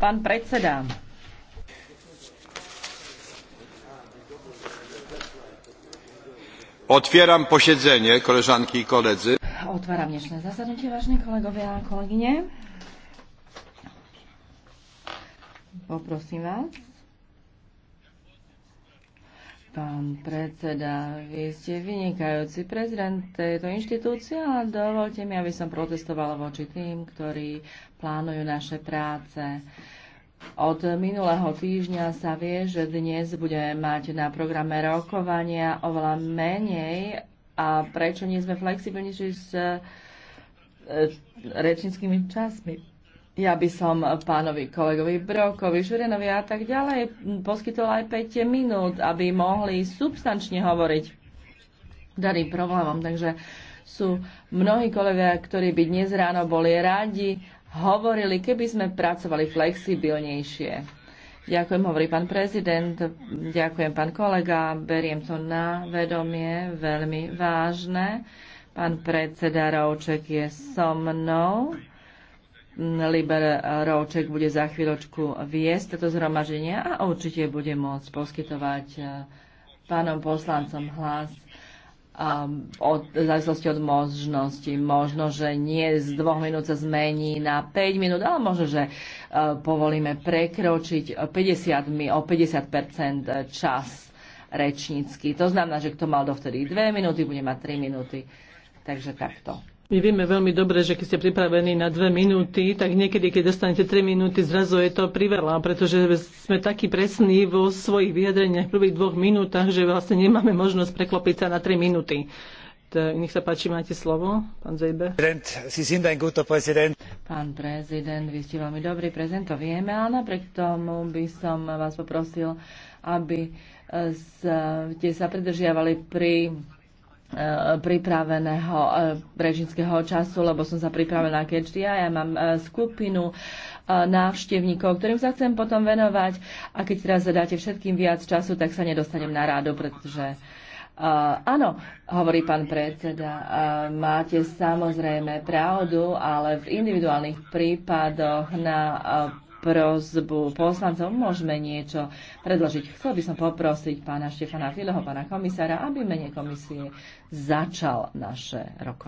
Pán predseda, Otwieram posiedzenie, koleżanki i koledzy. Otváram dnešné zasadnutie, vážne kolegovia a kolegyne. Poprosím vás, Pán predseda, vy ste vynikajúci prezident tejto inštitúcie ale dovolte mi, aby som protestovala voči tým, ktorí plánujú naše práce. Od minulého týždňa sa vie, že dnes budeme mať na programe rokovania oveľa menej a prečo nie sme flexibilnejší s e, rečnickými časmi. Ja by som pánovi kolegovi Brokovi, Žurenovi a tak ďalej poskytol aj 5 minút, aby mohli substančne hovoriť daným problémom. Takže sú mnohí kolegovia, ktorí by dnes ráno boli radi, hovorili, keby sme pracovali flexibilnejšie. Ďakujem, hovorí pán prezident, ďakujem, pán kolega, beriem to na vedomie, veľmi vážne. Pán predseda Rovček je so mnou. Liber Rovček bude za chvíľočku viesť toto zhromaženie a určite bude môcť poskytovať e, pánom poslancom hlas od, v závislosti od možnosti. Možno, že nie z dvoch minút sa zmení na 5 minút, ale možno, že e, povolíme prekročiť 50, o 50 čas rečnícky. To znamená, že kto mal dovtedy 2 minúty, bude mať 3 minúty. Takže takto. My vieme veľmi dobre, že keď ste pripravení na dve minúty, tak niekedy, keď dostanete tri minúty, zrazu je to priveľa, pretože sme takí presní vo svojich vyjadreniach v prvých dvoch minútach, že vlastne nemáme možnosť preklopiť sa na tri minúty. Nech sa páči, máte slovo, pán Zejbe. Pán prezident, vy ste veľmi dobrý prezident, to vieme, ale napriek tomu by som vás poprosil, aby eh, ste sa pridržiavali pri Eh, pripraveného eh, režimského času, lebo som sa pripravená k HDI. Ja mám eh, skupinu návštevníkov, ktorým sa chcem potom venovať a keď teraz zadáte všetkým viac času, tak sa nedostanem na rádu, pretože Uh, áno, hovorí pán predseda, uh, máte samozrejme pravdu, ale v individuálnych prípadoch na uh, prozbu poslancov, môžeme niečo predložiť. Chcel by som poprosiť pána Štefana Fileho, pána komisára, aby mene komisie začal naše rokovanie.